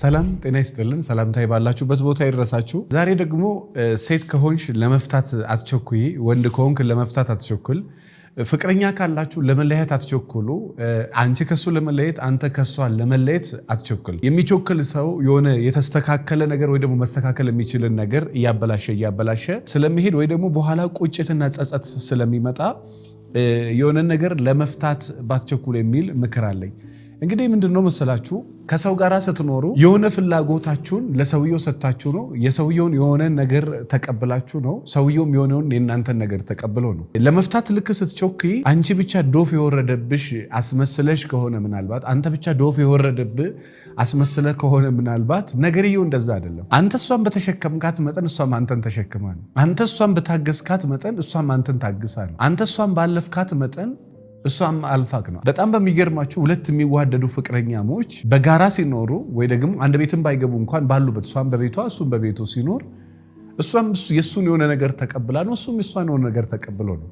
ሰላም ጤና ይስጥልን። ሰላምታዬ ባላችሁበት ቦታ ይድረሳችሁ። ዛሬ ደግሞ ሴት ከሆንሽ ለመፍታት አትቸኩይ፣ ወንድ ከሆንክ ለመፍታት አትቸኩል፣ ፍቅረኛ ካላችሁ ለመለየት አትቸኩሉ፣ አንቺ ከሱ ለመለየት አንተ ከሷ ለመለየት አትቸኩል። የሚቸኩል ሰው የሆነ የተስተካከለ ነገር ወይ ደግሞ መስተካከል የሚችልን ነገር እያበላሸ እያበላሸ ስለሚሄድ ወይ ደግሞ በኋላ ቁጭትና ጸጸት ስለሚመጣ የሆነ ነገር ለመፍታት ባትቸኩል የሚል ምክር አለኝ። እንግዲህ ምንድነው መሰላችሁ ከሰው ጋር ስትኖሩ የሆነ ፍላጎታችሁን ለሰውየው ሰጥታችሁ ነው። የሰውየውን የሆነ ነገር ተቀብላችሁ ነው። ሰውየውም የሆነውን የእናንተን ነገር ተቀብሎ ነው። ለመፍታት ልክ ስትቾክ አንቺ ብቻ ዶፍ የወረደብሽ አስመስለሽ ከሆነ ምናልባት አንተ ብቻ ዶፍ የወረደብህ አስመስለ ከሆነ ምናልባት ነገርየው እንደዛ አይደለም። አንተ እሷን በተሸከምካት መጠን እሷም አንተን ተሸክማ ነው። አንተ እሷን በታገስካት መጠን እሷም አንተን ታግሳ ነው። አንተ እሷን ባለፍካት መጠን እሷም አልፋቅ ነው። በጣም በሚገርማችሁ ሁለት የሚዋደዱ ፍቅረኛሞች በጋራ ሲኖሩ ወይ ደግሞ አንድ ቤትም ባይገቡ እንኳን ባሉበት እሷም በቤቷ እሱም በቤቱ ሲኖር እሷም የእሱን የሆነ ነገር ተቀብላ ነው፣ እሱም የእሷን የሆነ ነገር ተቀብሎ ነው።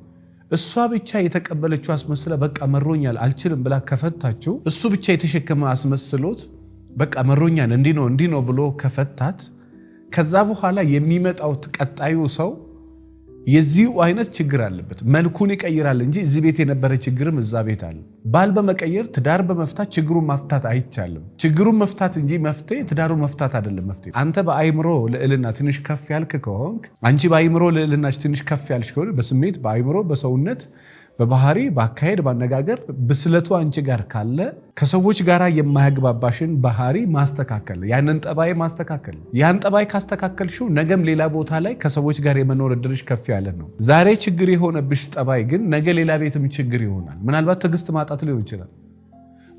እሷ ብቻ የተቀበለችው አስመስላ በቃ መሮኛል አልችልም ብላ ከፈታችው፣ እሱ ብቻ የተሸከመ አስመስሎት በቃ መሮኛል እንዲህ ነው እንዲህ ነው ብሎ ከፈታት ከዛ በኋላ የሚመጣው ቀጣዩ ሰው የዚሁ አይነት ችግር አለበት። መልኩን ይቀይራል እንጂ እዚህ ቤት የነበረ ችግርም እዛ ቤት አለ። ባል በመቀየር ትዳር በመፍታት ችግሩን መፍታት አይቻልም። ችግሩን መፍታት እንጂ መፍትሄ ትዳሩን መፍታት አይደለም መፍትሄ። አንተ በአይምሮ ልዕልና ትንሽ ከፍ ያልክ ከሆንክ፣ አንቺ በአይምሮ ልዕልና ትንሽ ከፍ ያልሽ ከሆነ በስሜት በአይምሮ በሰውነት በባህሪ በአካሄድ ባነጋገር ብስለቱ አንቺ ጋር ካለ ከሰዎች ጋር የማያግባባሽን ባህሪ ማስተካከል፣ ያንን ጠባይ ማስተካከል። ያን ጠባይ ካስተካከልሽው ነገም ሌላ ቦታ ላይ ከሰዎች ጋር የመኖር እድልሽ ከፍ ያለ ነው። ዛሬ ችግር የሆነብሽ ጠባይ ግን ነገ ሌላ ቤትም ችግር ይሆናል። ምናልባት ትዕግስት ማጣት ሊሆን ይችላል።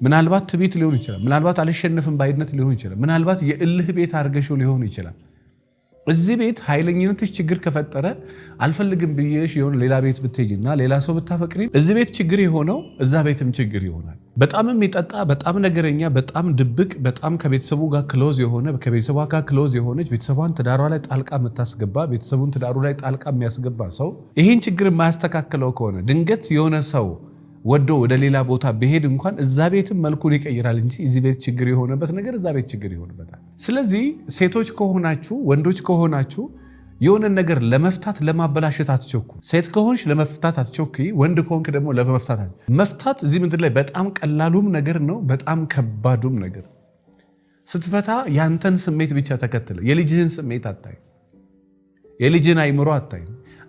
ምናልባት ትዕቢት ሊሆን ይችላል። ምናልባት አልሸነፍም ባይነት ሊሆን ይችላል። ምናልባት የእልህ ቤት አድርገሽው ሊሆን ይችላል። እዚህ ቤት ኃይለኝነትሽ ችግር ከፈጠረ አልፈልግም ብዬሽ የሆነ ሌላ ቤት ብትሄጂና ሌላ ሰው ብታፈቅሪ እዚህ ቤት ችግር የሆነው እዛ ቤትም ችግር ይሆናል። በጣም የሚጠጣ በጣም ነገረኛ፣ በጣም ድብቅ፣ በጣም ከቤተሰቡ ጋር ክሎዝ የሆነ ከቤተሰቧ ጋር ክሎዝ የሆነች ቤተሰቧን ትዳሯ ላይ ጣልቃ የምታስገባ ቤተሰቡን ትዳሩ ላይ ጣልቃ የሚያስገባ ሰው ይህን ችግር የማያስተካክለው ከሆነ ድንገት የሆነ ሰው ወዶ ወደ ሌላ ቦታ ብሄድ እንኳን እዛ ቤትም መልኩን ይቀይራል እንጂ እዚህ ቤት ችግር የሆነበት ነገር እዛ ቤት ችግር ይሆንበታል። ስለዚህ ሴቶች ከሆናችሁ ወንዶች ከሆናችሁ የሆነ ነገር ለመፍታት ለማበላሸት አትቸኩ። ሴት ከሆንሽ ለመፍታት አትቸኩ። ወንድ ከሆንክ ደግሞ ለመፍታት መፍታት እዚህ ምድር ላይ በጣም ቀላሉም ነገር ነው፣ በጣም ከባዱም ነገር። ስትፈታ ያንተን ስሜት ብቻ ተከትለ የልጅህን ስሜት አታይ፣ የልጅህን አይምሮ አታይ።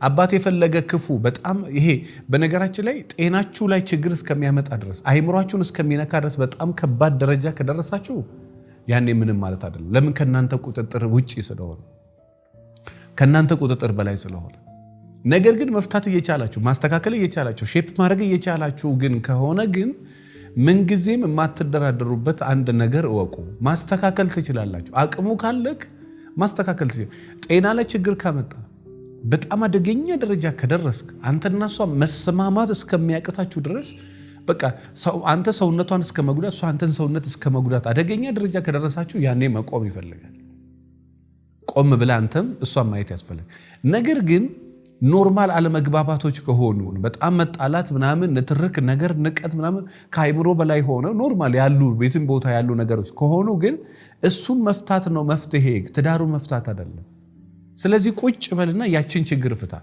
አባቱ የፈለገ ክፉ በጣም ይሄ በነገራችን ላይ ጤናችሁ ላይ ችግር እስከሚያመጣ ድረስ አይምሯችሁን እስከሚነካ ድረስ በጣም ከባድ ደረጃ ከደረሳችሁ ያኔ ምንም ማለት አይደለም። ለምን ከእናንተ ቁጥጥር ውጭ ስለሆነ ከእናንተ ቁጥጥር በላይ ስለሆነ ነገር ግን መፍታት እየቻላችሁ ማስተካከል እየቻላችሁ ሼፕ ማድረግ እየቻላችሁ ግን ከሆነ ግን ምንጊዜም የማትደራደሩበት አንድ ነገር እወቁ። ማስተካከል ትችላላችሁ። አቅሙ ካለክ ማስተካከል ጤና ላይ ችግር ካመጣ በጣም አደገኛ ደረጃ ከደረስክ አንተና እሷ መሰማማት እስከሚያቅታችሁ ድረስ በቃ አንተ ሰውነቷን እስከ መጉዳት እሷ አንተን ሰውነት እስከ መጉዳት አደገኛ ደረጃ ከደረሳችሁ ያኔ መቆም ይፈልጋል። ቆም ብላ አንተም እሷን ማየት ያስፈልግ። ነገር ግን ኖርማል አለመግባባቶች ከሆኑ በጣም መጣላት ምናምን፣ ንትርክ ነገር፣ ንቀት ምናምን ከአይምሮ በላይ ሆነ ኖርማል ያሉ ቤትን ቦታ ያሉ ነገሮች ከሆኑ ግን እሱን መፍታት ነው መፍትሄ፣ ትዳሩን መፍታት አይደለም። ስለዚህ ቁጭ በልና ያችን ችግር ፍታ።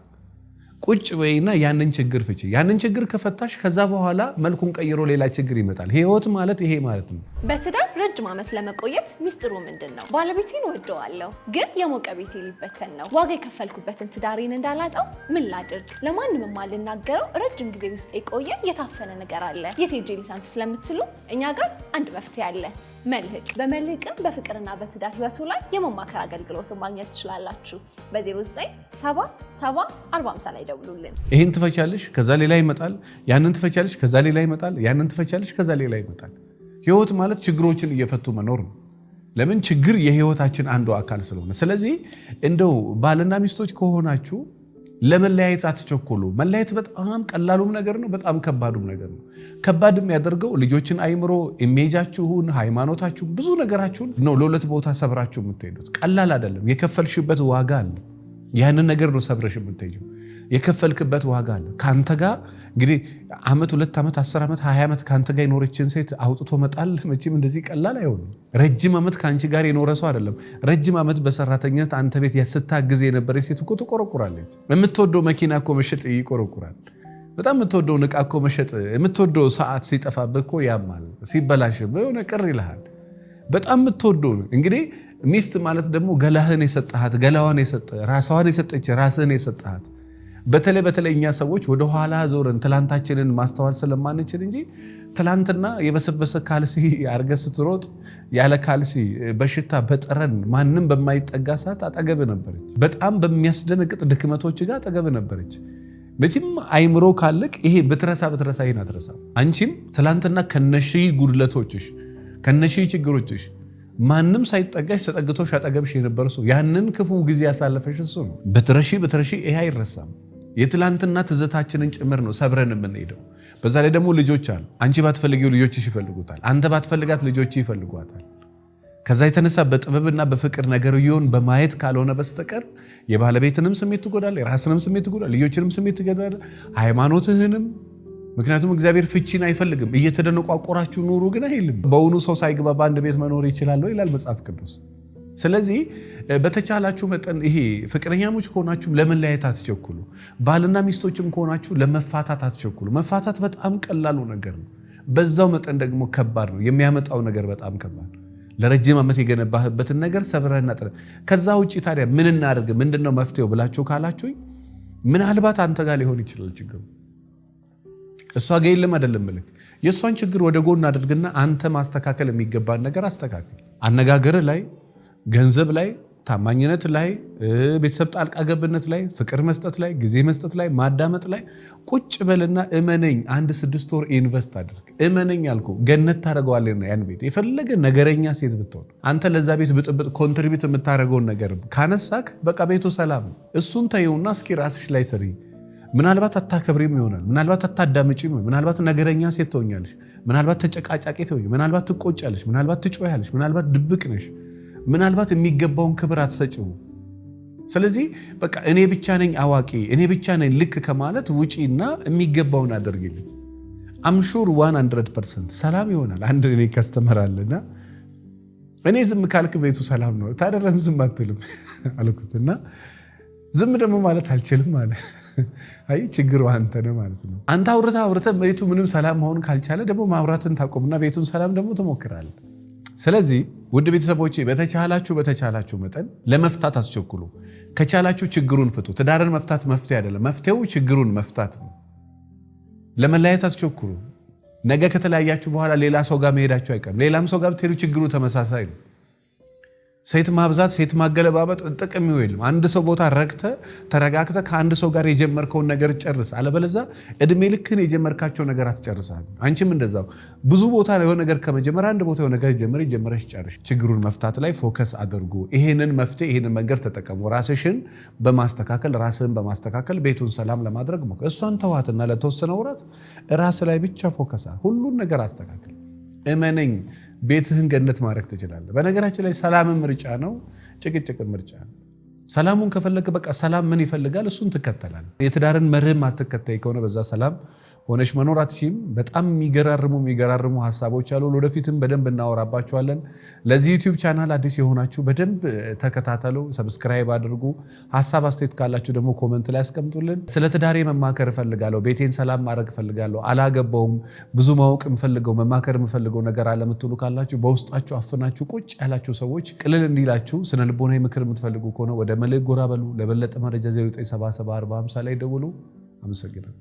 ቁጭ በይና ያንን ችግር ፍቺ። ያንን ችግር ከፈታሽ ከዛ በኋላ መልኩን ቀይሮ ሌላ ችግር ይመጣል። ህይወት ማለት ይሄ ማለት ነው። በትዳር ረጅም ዓመት ለመቆየት ሚስጥሩ ምንድን ነው? ባለቤቴን ወደዋለሁ፣ ግን የሞቀ ቤቴ ሊበተን ነው። ዋጋ የከፈልኩበትን ትዳሬን እንዳላጣው ምን ላድርግ? ለማንም የማልናገረው ረጅም ጊዜ ውስጥ የቆየ የታፈነ ነገር አለ። የቴጄ ሄጄ ስለምትሉ እኛ ጋር አንድ መፍትሄ አለ። መልህቅ በመልህቅም በፍቅርና በትዳር ህይወቱ ላይ የመማከር አገልግሎትን ማግኘት ትችላላችሁ። በ097745 ላይ ደውሉልን። ይህን ትፈቻለሽ፣ ከዛ ሌላ ይመጣል። ያንን ትፈቻለሽ፣ ከዛ ሌላ ይመጣል። ያንን ትፈቻለሽ፣ ከዛ ሌላ ይመጣል። ህይወት ማለት ችግሮችን እየፈቱ መኖር ነው። ለምን ችግር የህይወታችን አንዱ አካል ስለሆነ። ስለዚህ እንደው ባልና ሚስቶች ከሆናችሁ ለመለያየት አትቸኮሉ። መለያየት በጣም ቀላሉም ነገር ነው፣ በጣም ከባዱም ነገር ነው። ከባድ የሚያደርገው ልጆችን አይምሮ፣ ኢሜጃችሁን፣ ሃይማኖታችሁን፣ ብዙ ነገራችሁን ነው ለሁለት ቦታ ሰብራችሁ የምትሄዱት። ቀላል አይደለም። የከፈልሽበት ዋጋ አለ። ያንን ነገር ነው ሰብረሽ የምትሄጂው። የከፈልክበት ዋጋ አለ። ከአንተ ጋር እንግዲህ አመት፣ ሁለት ዓመት አስር ዓመት ሀያ ዓመት ከአንተ ጋር የኖረችን ሴት አውጥቶ መጣል መቼም እንደዚህ ቀላል አይሆንም። ረጅም ዓመት ከአንቺ ጋር የኖረ ሰው አይደለም። ረጅም ዓመት በሰራተኝነት አንተ ቤት ስታግዝ የነበረ ሴት እኮ ትቆረቁራለች። የምትወደው መኪና እኮ መሸጥ ይቆረቁራል። በጣም የምትወደው ዕቃ እኮ መሸጥ፣ የምትወደው ሰዓት ሲጠፋብህ እኮ ያማል። ሲበላሽ የሆነ ቅር ይልሃል። በጣም የምትወደው እንግዲህ ሚስት ማለት ደግሞ ገላህን የሰጠሃት ገላዋን የሰጠ ራሷን የሰጠች ራስህን የሰጠሃት በተለይ በተለይ እኛ ሰዎች ወደ ኋላ ዞርን ትላንታችንን ማስተዋል ስለማንችል እንጂ ትላንትና የበሰበሰ ካልሲ አርገ ስትሮጥ ያለ ካልሲ በሽታ በጠረን ማንም በማይጠጋ ሰዓት አጠገብ ነበረች። በጣም በሚያስደነግጥ ድክመቶች ጋር አጠገብ ነበረች። መቼም አይምሮ ካልቅ ይሄ ብትረሳ ብትረሳ ይህን አትረሳ። አንቺም ትላንትና ከነሺ ጉድለቶችሽ ከነሺ ችግሮችሽ ማንም ሳይጠጋሽ ተጠግቶሽ አጠገብሽ የነበረ ሰው ያንን ክፉ ጊዜ ያሳለፈሽ እሱ ነው። ብትረሺ ብትረሺ ይሄ አይረሳም። የትላንትና ትዝታችንን ጭምር ነው ሰብረን የምንሄደው። በዛ ላይ ደግሞ ልጆች አሉ። አንቺ ባትፈልጊው ልጆችሽ ይፈልጉታል። አንተ ባትፈልጋት ልጆች ይፈልጓታል። ከዛ የተነሳ በጥበብና በፍቅር ነገር ነገርየውን በማየት ካልሆነ በስተቀር የባለቤትንም ስሜት ትጎዳል፣ የራስንም ስሜት ትጎዳል፣ ልጆችንም ስሜት ትገዳል፣ ሃይማኖትህንም። ምክንያቱም እግዚአብሔር ፍቺን አይፈልግም። እየተደነቋቆራችሁ ኑሩ ግን አይልም። በውኑ ሰው ሳይግባ በአንድ ቤት መኖር ይችላል ይላል መጽሐፍ ቅዱስ። ስለዚህ በተቻላችሁ መጠን ይሄ ፍቅረኛሞች ከሆናችሁ ለመለያየት አትቸኩሉ። ባልና ሚስቶችም ከሆናችሁ ለመፋታት አትቸኩሉ። መፋታት በጣም ቀላሉ ነገር ነው፣ በዛው መጠን ደግሞ ከባድ ነው። የሚያመጣው ነገር በጣም ከባድ ነው። ለረጅም ዓመት የገነባህበትን ነገር ሰብረህና ጥረ ከዛ ውጭ ታዲያ ምን እናደርግ፣ ምንድነው መፍትሄው ብላችሁ ካላችሁኝ ምናልባት አንተ ጋር ሊሆን ይችላል ችግሩ። እሷ ጋ የለም አይደለም ምልክ የእሷን ችግር ወደ ጎን አድርግና አንተ ማስተካከል የሚገባን ነገር አስተካክል አነጋገር ላይ ገንዘብ ላይ፣ ታማኝነት ላይ፣ ቤተሰብ ጣልቃ ገብነት ላይ፣ ፍቅር መስጠት ላይ፣ ጊዜ መስጠት ላይ፣ ማዳመጥ ላይ ቁጭ በልና እመነኝ፣ አንድ ስድስት ወር ኢንቨስት አድርግ። እመነኝ አልኩ ገነት ታደርገዋለና ያን ቤት። የፈለገ ነገረኛ ሴት ብትሆን አንተ ለዛ ቤት ብጥብጥ ኮንትሪቢት የምታደርገውን ነገር ካነሳክ በቃ ቤቱ ሰላም። እሱን ተይውና እስኪ ራስሽ ላይ ስሪ። ምናልባት አታከብሪም ይሆናል። ምናልባት ሆ ምናልባት ነገረኛ ሴት ትሆኛለሽ። ምናልባት ተጨቃጫቂ ትሆኝ። ምናልባት ትቆጫለሽ። ምናልባት ትጮያለሽ። ምናልባት ድብቅ ነሽ። ምናልባት የሚገባውን ክብር አትሰጭው። ስለዚህ በቃ እኔ ብቻ ነኝ አዋቂ፣ እኔ ብቻ ነኝ ልክ ከማለት ውጪና የሚገባውን አድርግለት። አምሹር 100 ፐርሰንት ሰላም ይሆናል። አንድ እኔ አለና እኔ ዝም ካልክ ቤቱ ሰላም ነው። ታደረም ዝም አትልም አልኩት እና ዝም ደግሞ ማለት አልችልም አለ። አይ ችግሩ አንተ ነህ ማለት ነው። አንተ አውርተ አውርተ ቤቱ ምንም ሰላም መሆን ካልቻለ ደግሞ ማውራትን ታቆምና ቤቱን ሰላም ደግሞ ትሞክራለህ። ስለዚህ ውድ ቤተሰቦቼ በተቻላችሁ በተቻላችሁ መጠን ለመፍታት አስቸኩሉ። ከቻላችሁ ችግሩን ፍቱ። ትዳርን መፍታት መፍትሄ አይደለም። መፍትሄው ችግሩን መፍታት ነው። ለመለያየት አስቸኩሉ። ነገ ከተለያያችሁ በኋላ ሌላ ሰው ጋር መሄዳችሁ አይቀርም። ሌላም ሰው ጋር ብትሄዱ ችግሩ ተመሳሳይ ነው። ሴት ማብዛት ሴት ማገለባበጥ ጥቅሚው የለም። አንድ ሰው ቦታ ረግተ ተረጋግተ ከአንድ ሰው ጋር የጀመርከውን ነገር ጨርስ። አለበለዛ እድሜ ልክን የጀመርካቸው ነገር አትጨርሳል። አንቺም እንደዛው ብዙ ቦታ የሆነ ነገር ከመጀመር አንድ ቦታ የሆነ ነገር ጀመር ጀመረሽ ጨርሽ። ችግሩን መፍታት ላይ ፎከስ አድርጉ። ይሄንን መፍትሄ ይሄንን መንገድ ተጠቀሙ። ራስሽን በማስተካከል ራስን በማስተካከል ቤቱን ሰላም ለማድረግ እሷን ተዋትና ለተወሰነ ውራት ራስ ላይ ብቻ ፎከስ፣ ሁሉን ነገር አስተካክል። እመነኝ ቤትህን ገነት ማድረግ ትችላለህ። በነገራችን ላይ ሰላም ምርጫ ነው፣ ጭቅጭቅ ምርጫ ነው። ሰላሙን ከፈለገ በቃ ሰላም ምን ይፈልጋል እሱን ትከተላል። የትዳርን መርህ ማትከተይ ከሆነ በዛ ሰላም ሆነሽ መኖራትሽም በጣም የሚገራርሙ የሚገራርሙ ሀሳቦች አሉ። ወደፊትም በደንብ እናወራባቸዋለን ለዚህ ዩቲዩብ ቻናል አዲስ የሆናችሁ በደንብ ተከታተሉ፣ ሰብስክራይብ አድርጉ። ሀሳብ አስተያየት ካላችሁ ደግሞ ኮመንት ላይ ያስቀምጡልን። ስለ ትዳሬ መማከር እፈልጋለሁ፣ ቤቴን ሰላም ማድረግ እፈልጋለሁ፣ አላገባውም፣ ብዙ ማወቅ የምፈልገው መማከር የምፈልገው ነገር አለ የምትሉ ካላችሁ በውስጣችሁ አፍናችሁ ቁጭ ያላችሁ ሰዎች ቅልል እንዲላችሁ ስነ ልቦናዊ ምክር የምትፈልጉ ከሆነ ወደ መልሕቅ ጎራ በሉ። ለበለጠ መረጃ 0974 ላይ ደውሉ። አመሰግናለሁ።